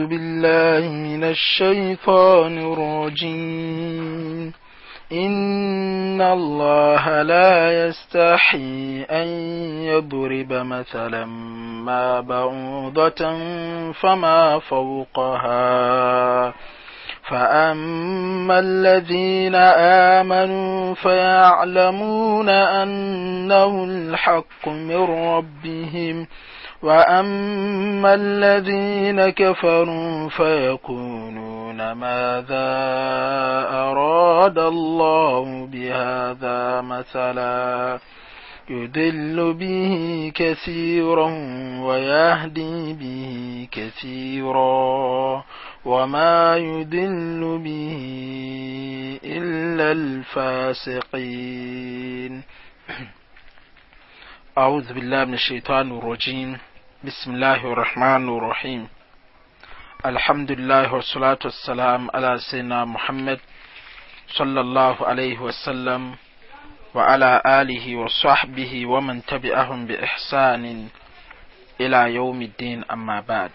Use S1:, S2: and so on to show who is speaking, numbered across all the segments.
S1: أعوذ بالله من الشيطان الرجيم إن الله لا يستحي أن يضرب مثلا ما بعوضة فما فوقها فأما الذين آمنوا فيعلمون أنه الحق من ربهم وأما الذين كفروا فيقولون ماذا أراد الله بهذا مثلا يدل به كثيرا ويهدي به كثيرا وما يدل به إلا الفاسقين أعوذ بالله من الشيطان الرجيم بسم الله الرحمن الرحيم الحمد لله والصلاة والسلام على سيدنا محمد صلى الله عليه وسلم وعلى آله وصحبه ومن تبعهم بإحسان إلى يوم الدين أما بعد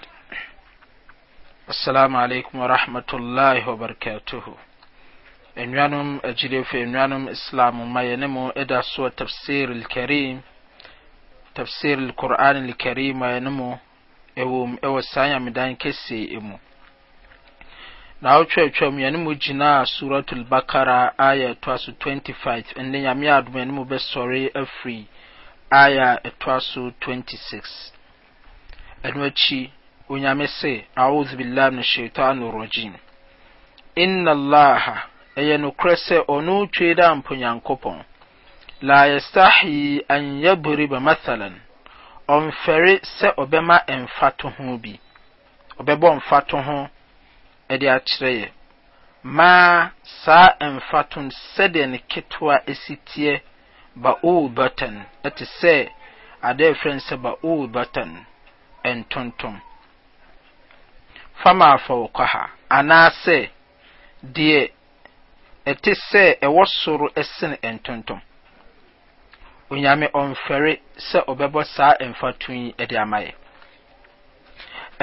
S1: السلام عليكم ورحمة الله وبركاته إنوانم أجري في إنوانم إسلام ما ينمو إدى سوى تفسير الكريم tafsir al-qur'an al-karim ne mu ɛwɔ ɛwɔ saa nyamedan kɛseɛ mu na awotwerɛtwerɛ mu yɛne mu gyinaa suratul bakara aya ɛtoa so 25 ɛnde nyame adom yɛne mu bɛsɔre afiri aya ɛtoa so 26 ɛno akyi onyame se audhu billah min shaitan rajim inna allaha ɛyɛ nokorɛ onu ɔno twe dɛ la yastahi an ba mathalan ɔmfɛre sɛ ɔbɛma ɛmfa to ho bi ɔbɛbɔ mfa to ho ɛde akyerɛ yɛ maa saa ɛmfa to no sɛdeɛ ne ketewa esi teɛ ba'ul batan ɛte sɛ adeɛ frɛ no sɛ ba'ul batan ɛntontom fama afɔwokɔ ha anaasɛ deɛ ɛte sɛ ɛwɔ soro ɛsene ɛntontom onyame ɔmfɛre sɛ ɔbɛbɔ saa mfatu yi de ama yɛ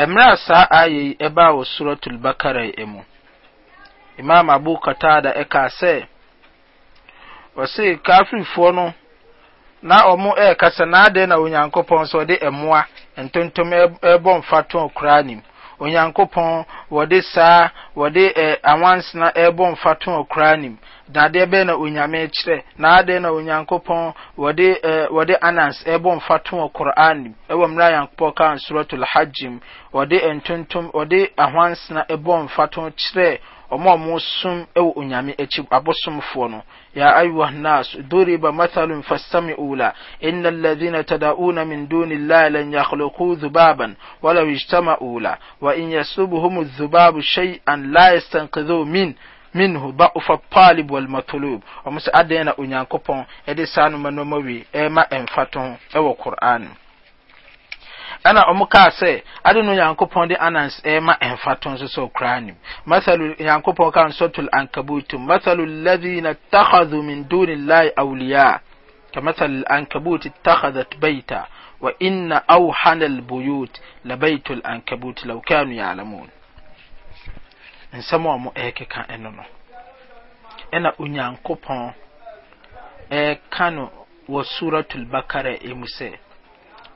S1: mmerɛ a saa ayɛ yi ɛbaa wɔ suratul bakara yi mu imam abu katada ɛkaa sɛ wɔse kafirifoɔ no na ɔmo ɛɛkasa na adɛn na onyankopɔn sɛ ɔde ɛmmoa ntontom ɛbɔ mfatoɔ koraa nim onyankopɔn wɔde saa wɔde ɛ na ɛbɔ mfato ɔkora nim dadeɛ bɛyɛ na onyame kyerɛ na na onyankopɔn wɔde ɛ wɔde anans ɛbɔ mfato ɔkora nim ɛwɔ mmerɛ yankopɔn kan suratul hajjim wɔde ntontom wɔde awansena ɛbɔ mfato kyerɛ ɔmo a wɔsom wɔ onyame akyi abosomfoɔ no ya ayuha nas duriba mathalun fastami'u la inna alladhina tad'una min duni llahi lan yakhluqu zubaban wala ijtama'u la wa in yasubhum zubabu dhubabu shay'an la yastanqidhu min minhu ba'ufa talib wal matulub ɔmo sɛ adɛn na onyankopɔn ɛde saa no ma wi ɛma ɛmfa to wɔ qur'an ɛna ɔmo kaa sɛ ade no nyankopɔn de anans ɛma ɛmfato nso sɛ ɔkora nim mathalu nyankopɔn kaa no sɔtul ankabutu mathalu alladhina ittakhadhu min duni llahi awliya كمثل الأنكبوت اتخذت بيتا وإن أوحن البيوت لبيت الأنكبوت لو كانوا يعلمون nsɛm a mo ɛkeka ɛno no ɛna onyankopɔn ɛka no wɔ suratul bakara ɛmu sɛ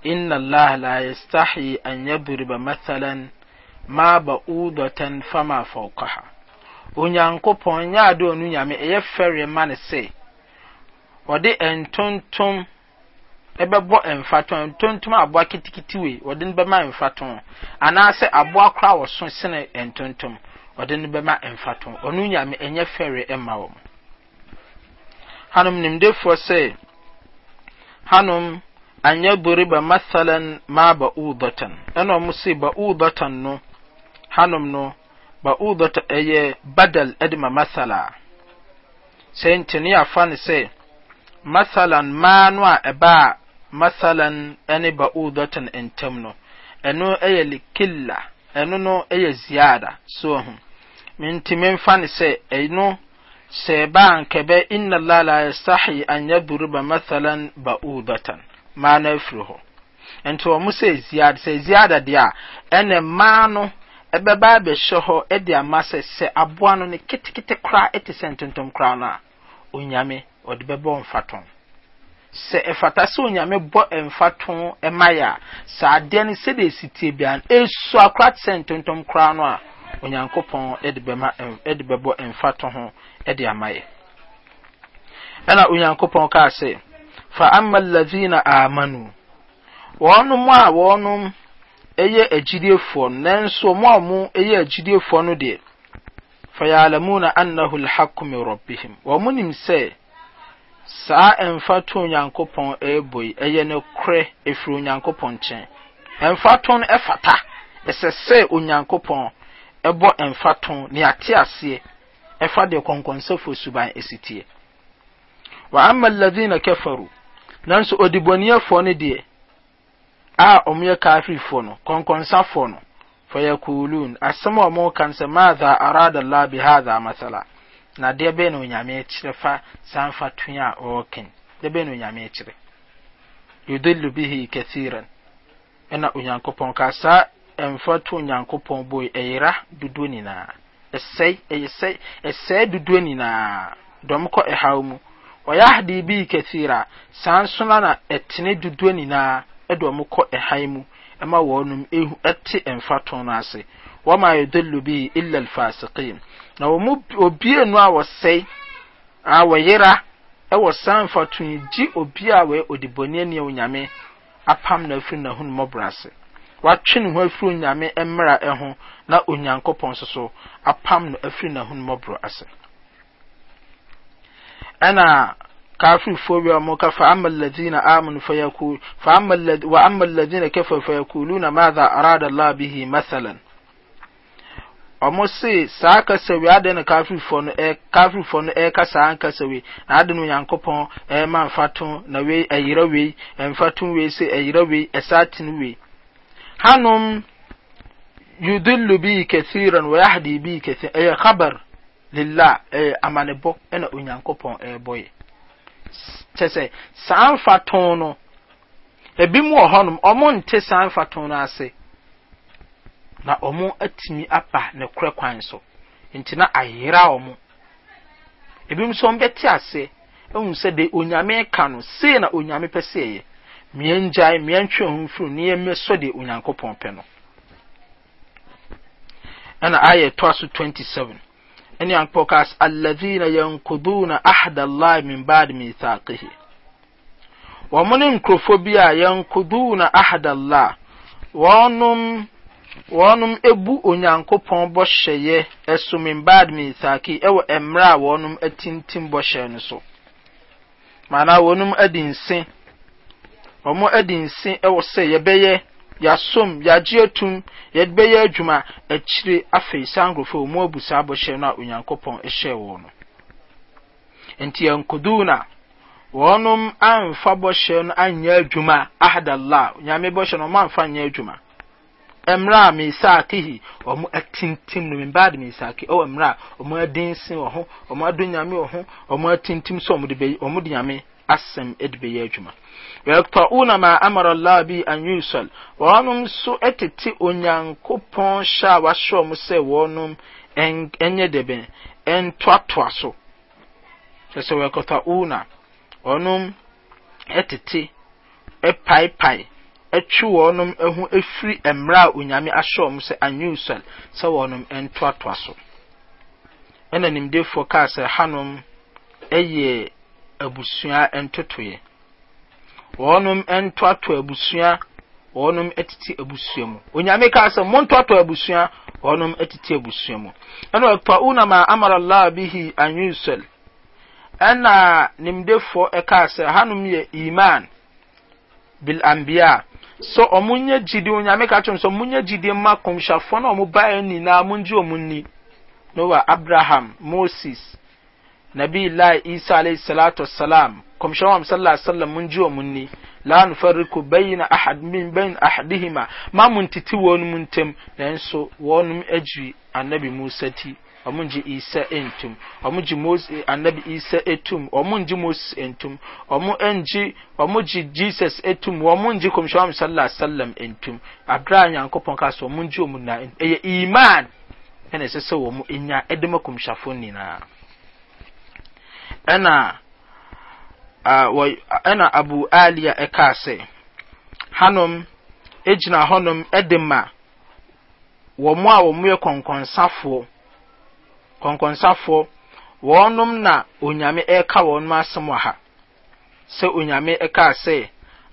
S1: inna allah la yastahi an yadriba mathalan ma ba'udatan fama fawqaha onyankopɔn nyɛ ade ɔno nyame ɛyɛ fɛre ma no sɛ wɔde ntontom ɛbɛbɔ mfatɔn ntontom aboa kitikiti wei wɔde no bɛma mfatɔn anaasɛ aboa koraa wɔso sene ntontom wɔde no bɛma mfatɔn ɔno nyame ɛnyɛ fɛre ɛma wɔn hanom nimdefoɔ an ba masalan ma ba'udatan ana musu ba ba'udatan no hanom no ba'udata eye badal ɛde ma masala sɛ ntini afa ni sai masalan ma no a ɛbaa masalan ba ba'udatan ntam no ɛno eye likilla ɛno no eye ziyada so min fa ni sai eno sai ba an kebe inna la la yastahi an ba masalan ba'udatan mmaa no afiri hɔ nti wɔn sɛ ziada sɛ ziada deɛ a ɛna mmaa no ɛbɛba abɛhyɛ hɔ de ama sɛ sɛ aboa no ne ketekete koraa te sɛ ntontom koraa no a onyame ɔde bɛbɔ mfatɔn sɛ ɛfata sɛ onyame bɔ mfatɔn ɛma yɛ a sɛ adeɛ no sɛdeɛ esi tie bia no esu akora te sɛ ntontom koraa no a onyankopɔn ɛde bɛma ɛde bɛbɔ mfatɔn ho ama yɛ ɛna onyankopɔn kaa sɛ. fa'amma lazina amanu wɔn mu a wɔn yɛ agyidiefoɔ no nanso wɔn a wɔn yɛ agyidiefoɔ no deɛ fayalamuna annahu alhaqqu min rabbihim wɔn nim sɛ saa mfato nyankopɔn ɛrebɔ yi ɛyɛ ne korɛ efiri onyankopɔn nkyɛn mfato no ɛfata ɛsɛ sɛ onyankopɔn ɛbɔ mfato ne ate aseɛ ɛfa deɛ kɔnkɔnsɛfo suban esitie wa amma alladhina kafaru nanso odibɔniɛfoɔ no deɛ a ɔmoyɛ kafirifoɔ no kɔnkɔnsafoɔ no fayakulun asɛm a ɔmoka no sɛ maadha arada allah bihadha masala na deɛ bɛyɛ na onyame kyerɛ fa saa mfatoe a ɔɔken deɛ bɛyɛ na onyame kyerɛ yudillu bihi kathiran ɛna onyankopɔn ka saa mfato onyankopɔn boi ɛyera dodoɔ nyinaa ɛsɛe ɛyɛ ɛsɛe dodoɔ nyinaa dɔm kɔ ɛhaw mu wɔyahdi bi kɛsira saa nso na na ɛtene dodoɔ nyinaa ɛde ɔmo kɔ ɛhan mu ɛma wɔnom ehu ɛte mfatɔn no ase wɔma yɛdolo bi illa alfasiqin na wɔn obie no a wɔsɛe a wɔyera ɛwɔ saa mfatɔn yi gye obi a wɔyɛ odibɔni ɛne onyame apam na efiri na hun mɔbra ase watwe ne ho afiri onyame mmra ɛho na onyankopɔn nso so apam na efiri na hun mɔbra أنا kafin fobiya muka fa'amma allazina amanu fayaku fa'amma wa amma allazina kafa fayakuluna madha arada Allah bihi masalan ọmọ se saa kasawe adị na kafirfo no ẹ kafirfo no ẹ kasa an kasawe na adị na onyankopɔn ẹ ma mfato na wei ɛyerɛ wei mfato wei se ɛyerɛ wei ɛsa tin wei hanom yudillu bi kathiran wa yahdi bi kathiran ɛyɛ khabar lila ɛɛ eh, amanebɔ ɛna onyankopɔn ɛɛbɔ eh, yɛ kyɛ sɛ saa mfatɔn no ebi mu wɔ hɔnom ɔmo nte saa mfatɔn no ase na ɔmo atumi apa ne korɛ kwan so nti na ayera ɔmo ebi mu nso ɔmbɛte ase ehu sɛ de onyame ka no see na onyame pɛ see yɛ mmea ngyae mmea ntwe ho mfiri ne yɛn mmɛsɔ de onyankopɔn pɛ no ɛna ayɛ tɔ so twenty seven. ɛne yankopɔ ka alladhina yankuduna ahda allahi min ba'di mithaqihi wɔn ne nkurɔfoɔ bi a yankuduna ahda allah wɔnom wɔnom ebu onyankopɔn bɔhyɛyɛ ɛso min ba'di mithaqihi ɛwɔ mmerɛ a wɔnom atintim bɔhyɛ no so maanaa wɔnom adi nse wɔn adi nse ɛwɔ sɛ yɛbɛyɛ yasom yagye etum yɛde bɛyɛ adwuma akyire afei saa nkurɔfoɔ wɔn abusa abɔhyɛ no a onyankopɔn hyɛɛ wɔn no nti yɛnkoduu na wɔnom amfa bɔhyɛ no anyɛ adwuma ahadala nyame bɔhyɛ no wɔn amfa anyɛ adwuma mmerɛ a mesaakihi wɔn atintim no mbaade mesaaki ɛwɔ mmerɛ a wɔn adinsi wɔ ho wɔn adonyame wɔ ho wɔn atintim so wɔn de bɛyi wɔn de nyame asɛm de bɛyɛ adwuma yɛtɔuna ma amara allah bi an yusal wɔnom nso tete onyankopɔn hyɛ a wahyɛ mo sɛ wɔnom ɛnyɛ dɛbɛn ɛntoatoa so kyɛ sɛ wɔkɔtɔuna wɔnom tete paepae ɛtwe wɔnom ho efiri mmerɛ a onyame ahyɛ mo sɛ an yusal sɛ wɔnom ɛntoatoa so ɛna nimdefoɔ kaa sɛ hanom ɛyɛ abusua ya. wɔnom ntoato abusua wɔnom tete abusua mu onyame kaa sɛ montoato abusua wɔnom tete abusua mu ɛna ɔpauna ma amara allah bihi an yusal ɛna nimdefoɔ ɛkaa sɛ hanom yɛ iman bil anbiya sɛ ɔmo nyɛ gyidi onyame sɛ ɔmo gyidi kɔmhyɛfoɔ na ɔmo baeɛ nyinaa mo abraham moses nabi lai isa alayhi salatu wassalam kɔmhyɛn wa sallallahu alaihi wasallam mun ji wa mun ni la nufarriku bayna ahad min bayn ahadihima ma mun titi wɔn mu ntɛm nanso wɔn mu agyi annabi musa ti ɔmo gye isa ntum ɔmo gye mose anabi isa etum ɔmo gye moses ntum ɔmo ngye ɔmo gye jesus etum ɔmo gye kɔmhyɛn sallallahu alaihi wasallam ntum adra nyankopɔn ka so ɔmo gye ɔmo na ɛyɛ iman ɛna ɛsɛ sɛ wɔn nya ɛdɛm kɔmhyɛfo nyinaa. ɛna ɛna abu aliya ɛkaa sɛ hanom egyina hɔnom ɛde ma wɔn a wɔn yɛ kɔnkɔnsafoɔ kɔnkɔnsafoɔ wɔnom na onyame ɛka wɔn asɛm wɔ ha sɛ onyame ɛkaa sɛ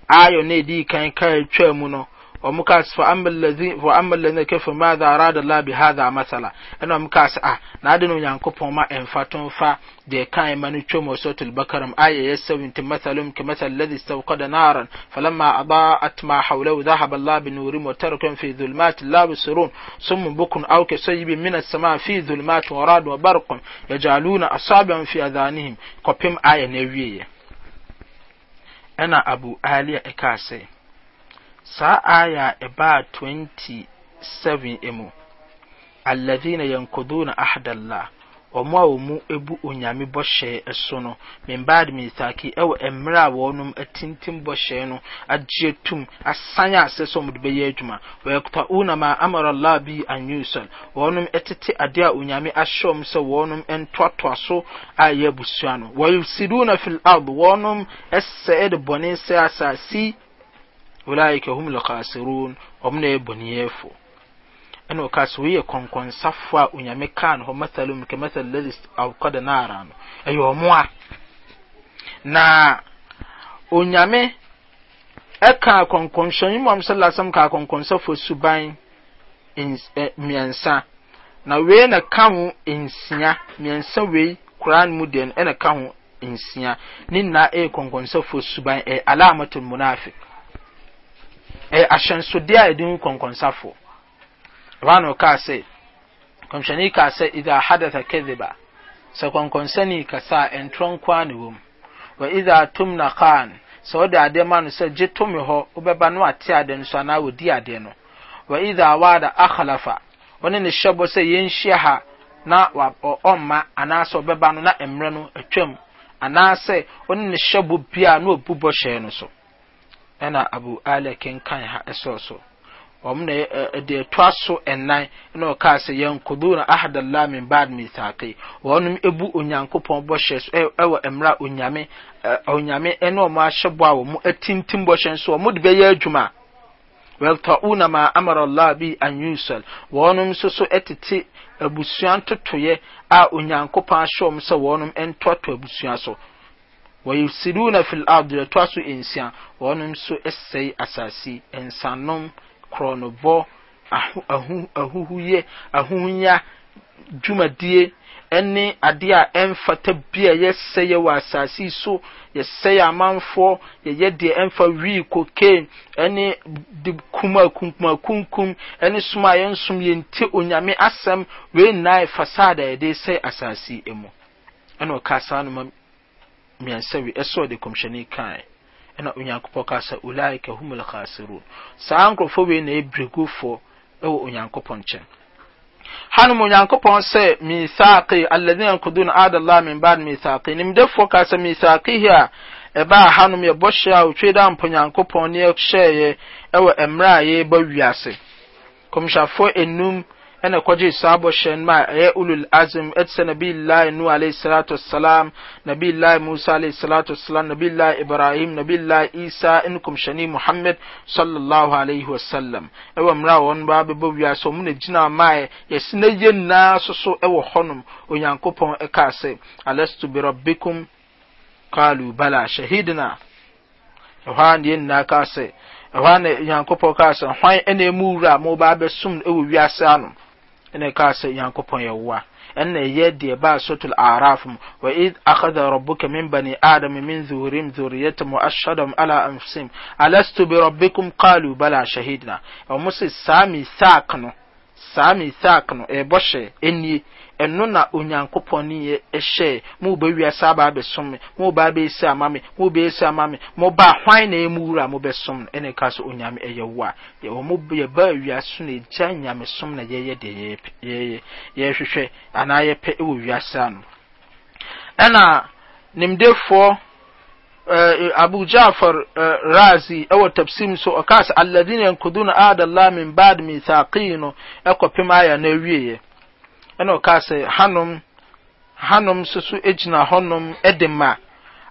S1: ayɔ na edi kan kaa twaa mu no ومكاس فأما الذين فأما الذين كيف ماذا أراد الله بهذا مثلا أنا مكاس أه نادن ينكبهم ما إنفاتهم فا دي كان من تشوم سورة البقرة آية انت مثل كمثل الذي استوقد نارا فلما أضاءت ما حوله ذهب الله بنورهم وتركهم في ظلمات لا يبصرون ثم بكن أو كسيب من السماء في ظلمات وراد وبرق يجعلون أصابعهم في أذانهم كوبيم آية نوية أنا أبو آلية إكاسي saa aya a ɛbaa 27 mu alladhina yankuduna ahdallah ɔmo a wɔn ebu onyame bɔhyɛ so no membaade minsaki ɛwɔ mmerɛ a wɔnom atintim bɔhyɛ no agye tum asan a asɛ sɛ ɔmo de bɛyɛ adwuma wɔyɛkutauna ma amara allah bi an yusal wɔnom ɛtete adeɛ a onyame ahyɛ ɔmo sɛ wɔnom ntoatoa so a ɛyɛ abusua no wɔyɛ siduna fil ard wɔnom ɛsɛɛ de bɔne sɛ asase ulaika hum lkhasirun ɔmo na yɛ bɔneyɛfo ɛna ɔka sɛ woyɛ kɔnkɔnsafo a onyame kaa no hɔ mathalum e ka mathal ladi awkada naara no ɛyɛ ɔmo a na onyame ɛka kɔnkɔnhyɛne mu sala asɛm ka kɔnkɔnsafo suban mmiɛnsa na wei na ka ho nsia mmiɛnsa wei koraa no mu deɛ no ɛna ka ho nsia ne nyinaa ɛyɛ kɔnkɔnsafo suban ɛyɛ e alamatul munafiq ɛyɛ ahyɛnsodeɛ a yɛde hu kɔnkɔnsafo rano kaa sɛ kɔmhyɛne kaa sɛ idha hadatha kadhiba sɛ kɔnkɔnsani kasa a ɛntorɔ nko a ne wɔ mu wa idha tumna khan sɛ wode adeɛ ma no sɛ gye tome hɔ wobɛba no ate adeɛ no so anaa wɔdi adeɛ no wa idha wada akhlafa ɔne ne hyɛ bɔ sɛ yɛnhyia ha na ɔmma anaasɛ ɔbɛba no na mmerɛ no atwam anaasɛ ɔne ne hyɛ bɔ bia na ɔbu bɔhyɛ no so ɛna abu ala kenkan ha ɛsɔɔ so wɔn na ɛde ɛtoa so ɛnan ɛna ɔkaa sɛ yɛn kodo na ahadala min baad mi saake wɔn ebu onyankopɔn bɔhyɛ so ɛwɔ mmerɛ onyame onyame ɛna wɔn ahyɛ bɔ a wɔn atintim bɔhyɛ nso wɔn de bɛyɛ adwuma wɔtɔuna ma amara allah bi an yusal wɔn nso so ɛtete abusua ntotoyɛ a onyankopɔn ahyɛ wɔn sɛ wɔn ntoatoa abusua so wɔyɛsiduna fil ardi ɛtoa so nsia wɔnom nso ɛsɛe asase nsanom korɔnobɔ ahuhuye ahuhunya dwumadie ɛne adeɛ a ɛmfata bi a yɛsɛe wɔ asase so yɛsɛe amanfoɔ yɛyɛ deɛ ɛmfa wii cocaine ɛne de kuma kunkuma kunkum ɛne som a yɛnsom yɛntie onyame asɛm wei nnae fasada yɛde sɛe asase mu ɛna ɔka saa no miɛnsa wi ɛsɛ ɔde kɔmhyɛni kae ɛna onyankopɔn kaa sɛ ulaika humul khasirun saa nkurɔfoɔ wei na ɛbirigufoɔ ɛwɔ onyankopɔn nkyɛn hanom onyankopɔn sɛ mithaqi alladhina yanquduna ahda allah min ba'd mithaqi nimdefoɔ ka sɛ mithaqihi a ɛbaa hanom yɛbɔ hyɛ a otwe da mpa onyankopɔn ne yɛhyɛeɛ ɛwɔ mmerɛ a yɛreba wiase kɔmhyɛfoɔ enum ɛne kɔjye sa abɔ syɛn ma ɛyɛ olulasm tesɛ nabilh no alh satwasalam nabil mosa a stasaam nabi ibrahim nabilh isa nokm shɛne muhamad swsalam ɛwɔ mrɛ wɔno ba bɛbɔ wiasɛ ɔmona gyinamaɛ ysena yaninaa soso ɛwɔ hɔnom onyankopɔn ka sɛ alast brabikum kao baaahdaanyankopɔ a han nmuwura mɔbabɛsomno ɛwɔ wiase anom na ka sɛ nyankopɔn yɛ wo a ɛnna ɛyɛ deɛ sotul araf mu wa id akhadha rabbuka min bani adam min zuhurim zuriyatum wa ashhadahum ala anfusihim alastu bi rabbikum qalu bala shahidna wa mo sami saa misak no saa ne no ɛno na onyankopɔn ne yɛ ɛhyɛ mo ba wiase aba abɛsom me mo ba abɛsi ama me mo ba esi ama me mo ba hwan na emu wura mo no ɛna ɛka so onyame ɛyɛ mo na egya nyame som na yɛyɛ deɛ yɛyɛ yɛhwehwɛ anaa yɛpɛ ɛwɔ wiase ɛna nimdefoɔ abu jafar razi ɛwɔ tafsim so ɔkas alladhina yankuduna ahda min ba'd mithaqihi no ɛkɔpem aya na awieɛ ɛna ɔkas hanom hanom so so egyina hɔnom ɛde ma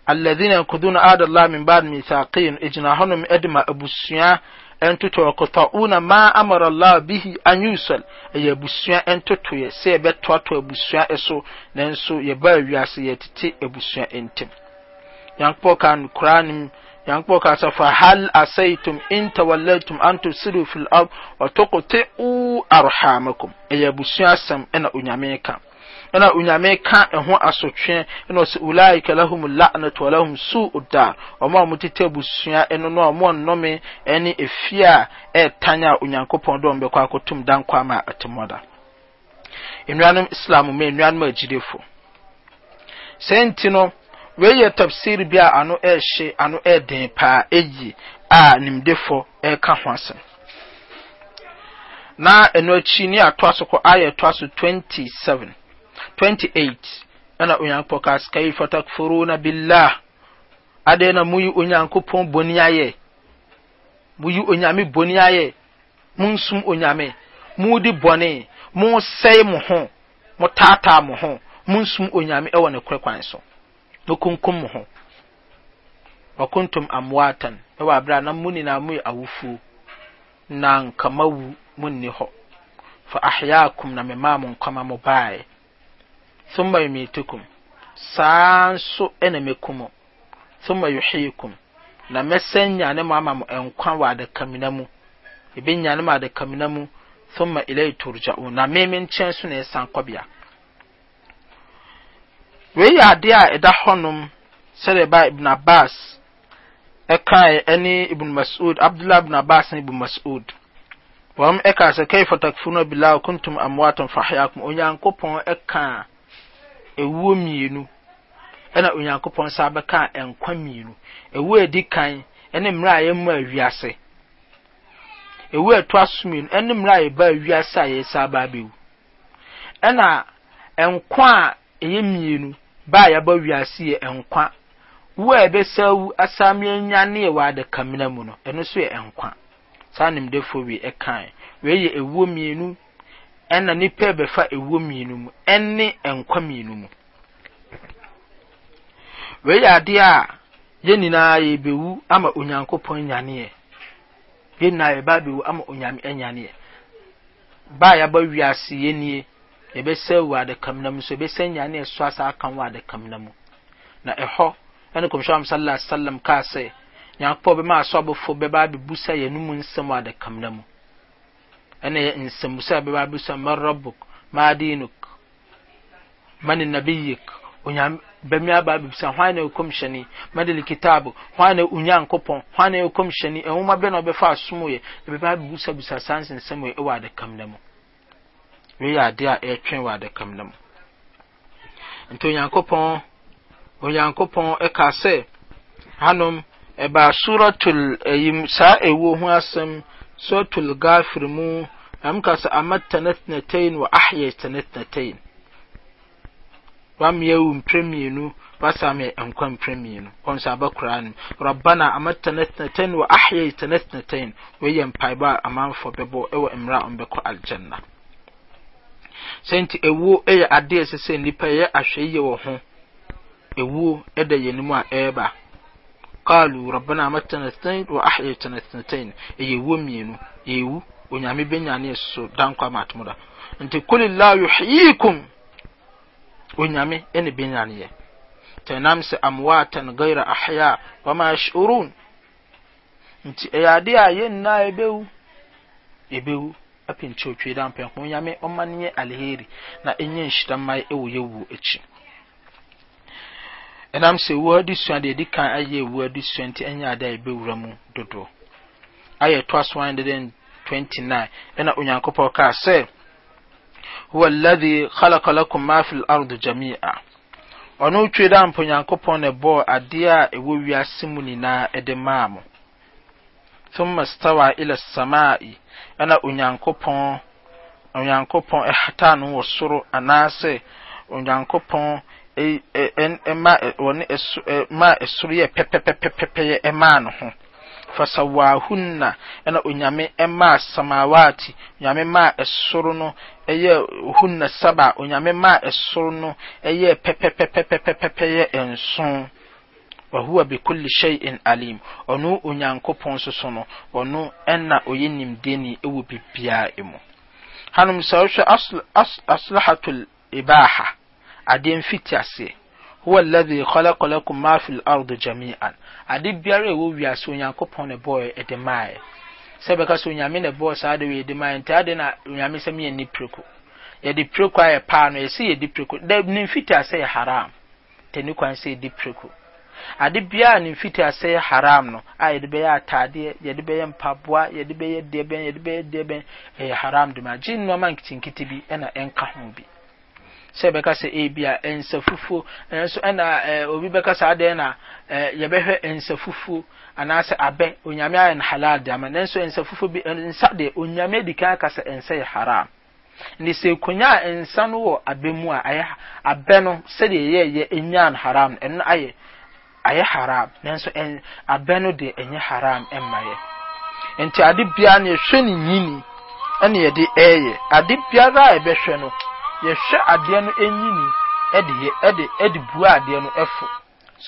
S1: alladhina yankuduna ahda min ba'd mithaqihi no egyina hɔnom ɛde ma abusua ɛntoto ɔkɔtɔuna ma amara allah bihi an yusal ɛyɛ abusua ɛntotoyɛ sɛ yɛbɛtoatoa abusua ɛso nanso yɛbaa wiase yɛtete abusua ntɛm nyankopɔn ka no koraa nim nyankopɔn ka sɛ fa hal asaitum in tawallaitum an tufsidu fil ard wa tuqti'u arhamakum ɛyɛ abusua asɛm ɛna onyame ka ɛna onyame ka ɛho asotwe ɛna ɔsɛ ulaika lahum la'natu wa lahum su'u dar ɔmo a motete abusua ɛno no a ɔmo nnome ɛne efi a ɛɛtan a onyankopɔn dɔm bɛkɔ akɔtum dan kɔ ama atemɔda nnuanom islam mu nnuanom agyidefo sɛnti no wei yɛ tafsir bi a ano ɛɛhye ano ɛɛden paa ɛyi a nimdefo ɛɛka ho asɛm na ɛno akyi ne atoa so kɔ ayɛ toa so 27 28 ɛna onyankopɔn ka skaifa takfuruna billah adɛn na moyi onyankopɔn bɔne ayɛ moyi onyame bɔne ayɛ monsum onyame mode bɔne mosɛe mo ho motaataa mo ho monsum onyame ɛwɔ ne korɛ kwan so mekunkum ho wakuntum amwatan ɛwɔ abira na mu nyinaa mu yɛ awufuo na nkama wu mu nni hɔ fa ahyaakum na memaa mo nkama mo baeɛ thumma yumitukum saa nso ɛna mekum mo thumma yuhyikum na mɛsɛn nyane mo ama mo nkwa wɔ adakamina mu ebi nyane mo adakamina mu thumma ilay turja'un na meme nkyɛn so na ɛsan kɔbea wee yɛ ade a ɛda hɔnom sɛdeɛ ba ibn abbas ɛkae ɛne ibn mas'ud abdullah ibn abbas ne ibn mas'ud wɔn ɛka sɛ kaifa takfuruna billahi kuntum amwatan fahyakum onyankopɔn ɛka ewuo mmienu ɛna onyankopɔn sa bɛka nkwa mmienu ewuo edi kan ɛne mmerɛ a yɛmu ewuo ɛto aso mmienu ɛne mmerɛ a yɛba a yɛsa abɛwu ɛna a ɛyɛ mmienu baa yɛaba wiase yɛ nkwa wo a ɛbɛsaw asame anyane yɛ wɔ adakamena mu no ɛno nso yɛ nkwa saa nimdefoɔ wie ɛkae wei yɛ ɛwuo mmienu ɛna nipa bɛfa ɛwuo mmienu mu ɛne nkwa mmienu mu wei yɛ adeɛ a yɛ nyinaa yɛ bewu ama onyankopɔn nyaneɛ yɛ nyinaa yɛ yɛba bewu ama onyame nyaneɛ baa yɛaba wiase yɛ nie. yɛbɛsɛ wɔ adakam nam so yɛbɛsɛ nyaa ne ɛso asa aka wɔ adakam nam na ɛhɔ ɛne kɔmhyɛ am sallallahu alaihi wasallam kaa sɛ nyankopɔ bɛma aso abɔfo bɛba abɛbusa yɛn mu nsɛm wɔ adakam nam ɛne nsɛmbusa bɛba abɛbusa ma rabbuk ma dinuk ma ne nabiyik onyame bɛmi aba abɛbusa hwan na ɛkɔm hyɛne made likitaabu hwan na onyankopɔn hwan na ɛkɔm hyɛne ɛnwoma bɛ na ɔbɛfa asom yɛ ɛbɛba abɛbusa busa saa nsɛnsɛm yɛ ɛwɔ e adakam nam wei yɛ adeɛ a ɛretwɛn wɔ adaka mu nam nti onyankopɔn onyankopɔn ɛka sɛ hanom ɛbaa suratul ɛyim saa ɛwuo ho asɛm suratul gafir mu ɛm ka sɛ amatana tnatain wa ahyɛtana tnatain wameyɛ wo mprɛ mmienu wasa me nkwa mprɛ mmienu wɔn nso aba koraa no rabbana amatana tnatain wa ahyɛtana tnatain wɔyɛ mpaebɔ a amanfoɔ bɛbɔ ɛwɔ mmerɛ a ɔmbɛkɔ aljanna sɛnti ewuo yɛ adeɛ ɛsɛ sɛ nipa yɛ ahwɛyie wɔ ho ewuo da yɛn mu a ɛreba kaalu rabbana amatana sɛn wa ahyɛtana sɛn ɛyɛ ewuo mmienu ewu onyame benya ne so danko ama atom da nti kuli la yuhyikum onyame ɛne benya ne yɛ tɛnam sɛ amwatan gaira ahya wama yashurun nti ɛyɛ adeɛ a yɛn nyinaa ɛbɛwu ɛbɛwu apɛnkye otwe da mpɛnko nyame ɔma no yɛ alheri na ɛnyɛ nhyira mma ɛwɔ yɛwuo akyi ɛnam sɛ wuo adesua deɛ ɛdi kan ayɛ wuo adesua nti ɛnyɛ ade a ɛbɛwura mu dodoɔ ayɛ toa so 129 ɛna onyankopɔn kaa sɛ huwa alladhi khalaqa lakum ma fi al-ardi jami'a ɔno twe da mpo nyankopɔn na ɛbɔɔ adeɛ a ɛwɔ wiase mu nyinaa ɛde maa mo thumma stawa ila samai ɛna onyankopɔn onyankopɔn ɛhata no wɔ soro anaasɛ onyankopɔn ma wɔne ma ɛsoro yɛ pɛpɛpɛpɛpɛ ɛmaa no ho fasawahunna ɛna onyame ɛmaa samawati onyame maa ɛsoro no ɛyɛ hunna saba onyame maa ɛsoro no ɛyɛ pɛpɛpɛpɛpɛpɛ yɛ nson wahuwa bikulli shay'in alim ɔno onyankopɔn so so no ɔno ɛna ɔyɛ nimdeni ɛwɔ biribiaa mu hanom sɛ wohwɛ aslahatul ibaha adeɛ mfiti aseɛ huwa alladhi khalaqa lakum ma fil ardi jami'an ade biara ɛwɔ wiase onyankopɔn ne bɔɔ ɛde maaɛ sɛ bɛka sɛ onyame ne bɔɔ saa de wɔ ɛde maaɛ nti ade na onyame sɛ meyɛ ni yɛde piriko ayɛ paa no yɛsɛ yɛde piriko ne mfiti asɛ yɛ haram tani kwan sɛ yɛde piriko ade biara ne mfiti asɛ yɛ haram no a yɛde bɛyɛ ataadeɛ yɛde bɛyɛ mpaboa yɛde bɛyɛ deɛ yɛde bɛyɛ deɛ ɛyɛ haram dum a gye nneɛma nketenkete bi ɛna ɛnka ho bi sɛ bɛka sɛ ebi a nsa fufuo nso ɛna ɛɛ obi bɛka sɛ adeɛ na ɛɛ yɛbɛhwɛ nsa fufuo anaasɛ abɛ onyame ayɛ no halal deɛ ama nanso nsa fufuo bi nsa deɛ onyame di kan aka sɛ nsa yɛ haram ne sɛ konya a nsa no wɔ abɛ mu a ɛyɛ abɛ no sɛdeɛ yɛyɛ enyaa no haram ɛno ayɛ ayɛ haram nanso abɛ no de ɛnyɛ haram mma yɛ nti ade biara no yɛhwɛ ne nyini ɛna yɛde ɛɛyɛ ade biara a yɛbɛhwɛ no yɛhwɛ adeɛ no nyini ɛde yɛ ɛde ɛde bua adeɛ no ɛfo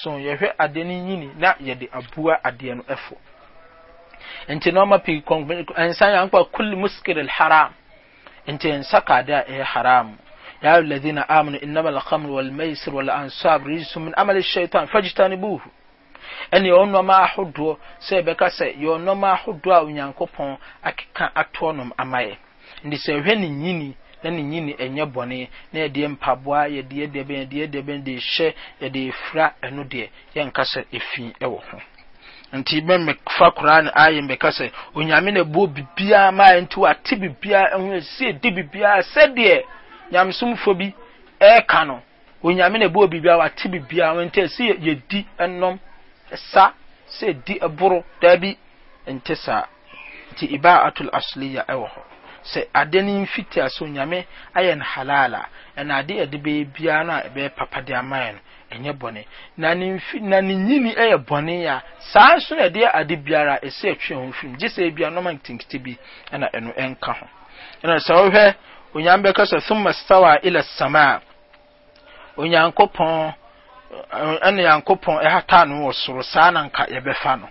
S1: so yɛhwɛ adeɛ no nyini na yɛde abua adeɛ no ɛfo nti nɔɔma pii kɔn nsa yɛn akpa kuli muskiri haram nti nsa kaade a ɛyɛ haram. يا الذين آمنوا إنما الخمر والميسر والأنصاب رجس من عمل الشيطان فاجتنبوه ɛne yɛwɔ nneɛma ahodoɔ sɛ ɛbɛka sɛ yɛwɔ nneɛma ahodoɔ a onyankopɔn akeka atoɔ nom ama yɛ nti sɛ ɛhwɛ ne nyini na ne nyini ɛnyɛ bɔne na yɛde mpaboa yɛde yɛde bɛn yɛde yɛde bɛn de hyɛ yɛde efira ɛno deɛ yɛnka sɛ efi ɛwɔ ho nti bɛ mɛfa koraa ne ayɛ mɛka sɛ onyame na ɛbɔ bibiara maa nti wate bibiara ɛho esi edi bibiara sɛdeɛ nyamesomfo bi ɛɛka no onyame na ɛbɔɔ biribia wate biribia wɔnte sɛ yɛdi ɛnom ɛsa sɛ di ɛboro daabi nte saa nti ibaatul asliya ɛwɔ hɔ sɛ ade no mfitaa sɛ onyame ayɛ no halala ɛna ade yɛde bɛyɛ no a ɛbɛyɛ papa de ama no ɛnyɛ bɔne na ne mfi na ne nyini ɛyɛ bɔne a saa nso na ɛde ade biara ɛsɛ atwe ho fim gye sɛ bia nɔma nketenkete bi ɛna ɛno ɛnka ho ɛna sɛ wohwɛ onyame bɛka sɛ thumma stawa ila samaa onyankopɔn ɛne nyankopɔn ɛhata no wɔ soro saa na nka yɛbɛfa no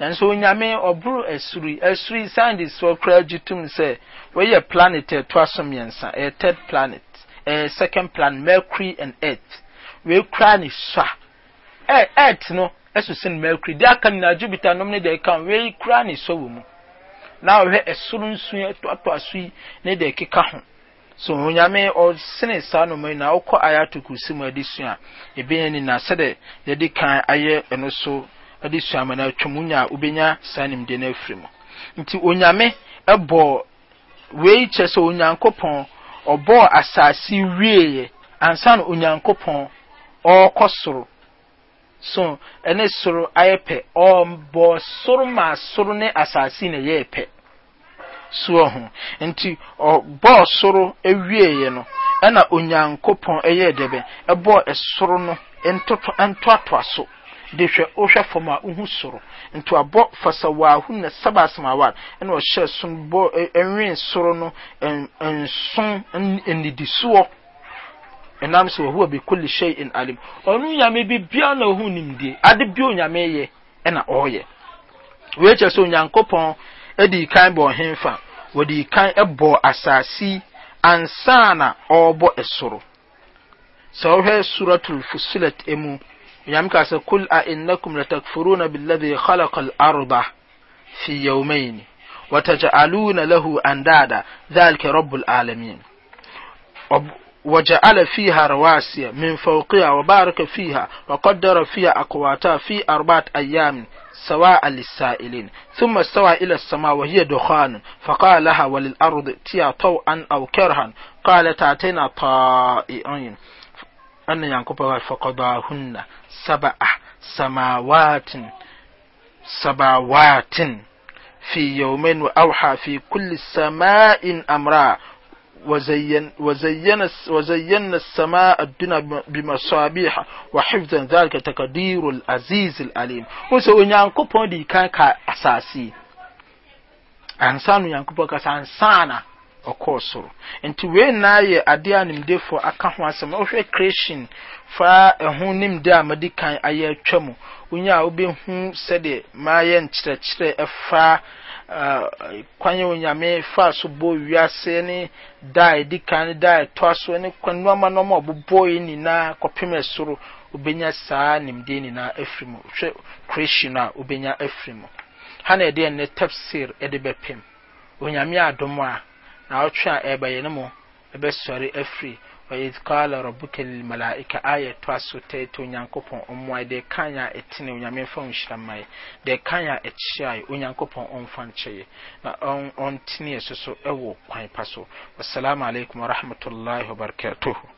S1: nanso onyame ɔboro asuri asuri scientists wɔ koraa gye tom sɛ wɔyɛ planet ɛtoa so mmiɛnsa ɛyɛ third planet ɛyɛ second planet mercury and earth wɔkura ne sua ɛ earth no ɛso sen mercury deɛ aka nyinaa jupiter nom ne deɛ ɛka wɔkura ne sua wɔ mu na ɔhwɛ ɛsoro nsu ɛtoatoa so yi ne deɛ ɛkeka ho so onyame ɔsene saa nnoma yi na wokɔ ayato si mu ade sua ebenya ni na sɛdɛ yɛde kan ayɛ ɛno so ade sua ma na atwam nya a wobɛnya saa nimdeɛ no afiri mu nti onyame ɛbɔ wei kyerɛ sɛ onyankopɔn ɔbɔɔ asase wieeɛ ansa na onyankopɔn ɔɔkɔ soro so ɛne soro ayɛ pɛ ɔbɔ soro ma soro ne asase na ɛyɛ pɛ soɔ ho nti ɔbɔɔ soro awieeɛ no ɛna onyankopɔn ɛyɛɛ dɛbɛ ɛbɔɔ ɛsoro no so de hwɛ wohwɛ fam a wohu soro nti abɔ fasawaho na saba samawat ɛna ɔhyɛ so bɔ ɛnwen soro no nson nnidisoɔ ɛnam sɛ wahowa bi kulli shay'in alim ɔno nyame bi biara na ɔhu nimdie ade bi onyame yɛ ɛna ɔyɛ. wei kyerɛ sɛ onyankopɔn edi kan bɔ ɔhenfa wɔdi kan ɛbɔ asaase ansa na ɔrebɔ ɛsoro sɛ wohwɛ suratul fusilat mu nyame kaa sɛ kul a innakum latakfuruna billadhi khalaqa al-arda fi yawmayn وتجعلون له أندادا ذلك رب العالمين وجعل فيها رواسي من فوقها وبارك فيها وقدر فيها أقواتها في أربعة أيام سواء للسائلين ثم استوى إلى السماء وهي دخان فقال لها وللأرض تيا طوعا أو كرها قالت أتينا طائعين أن ينقبها فقضاهن سبع سماوات سماوات في يومين وأوحى في كل سماء أمرا وزين وزين وزينا السماء الدنيا بمصابيح وحفظا ذلك تقدير العزيز العليم وسو onyankopon di kan ka asase ansa no nyankopon ka ansa na ɔkɔɔ soro nti wei naa yɛ adeɛ a nimdefoɔ aka ho asɛm wohwɛ creation fa ɛho nimde a madi kan ayɛ atwa mu wonya a wobɛhu sɛdeɛ maayɛ nkyerɛkyerɛ ɛfa kwan a onyame fa so bɔ wiase ne da a ɛdi kan ne da a ɛtoa so ne kwan nneɛma nneɛma a ɔbobɔ yi nyinaa kɔpem soro obenya saa nimdeɛ nyinaa afiri mu hwɛ creation a obenya afiri mu ha na ɛde ɛnɛ tafsir ɛde bɛpem onyame adom a na ɔtwe a ɛbɛyɛ ne mu ɛbɛsɔre afiri وإذ قال ربك للملائكة آية تواسو تيتو نيانكو پون أمواي دي كان يا إتني ونيامين فون شرمي دي كان يا إتشاي ونيانكو بون أمفان شي أن أنتني سسو أو كوين باسو والسلام عليكم ورحمة الله وبركاته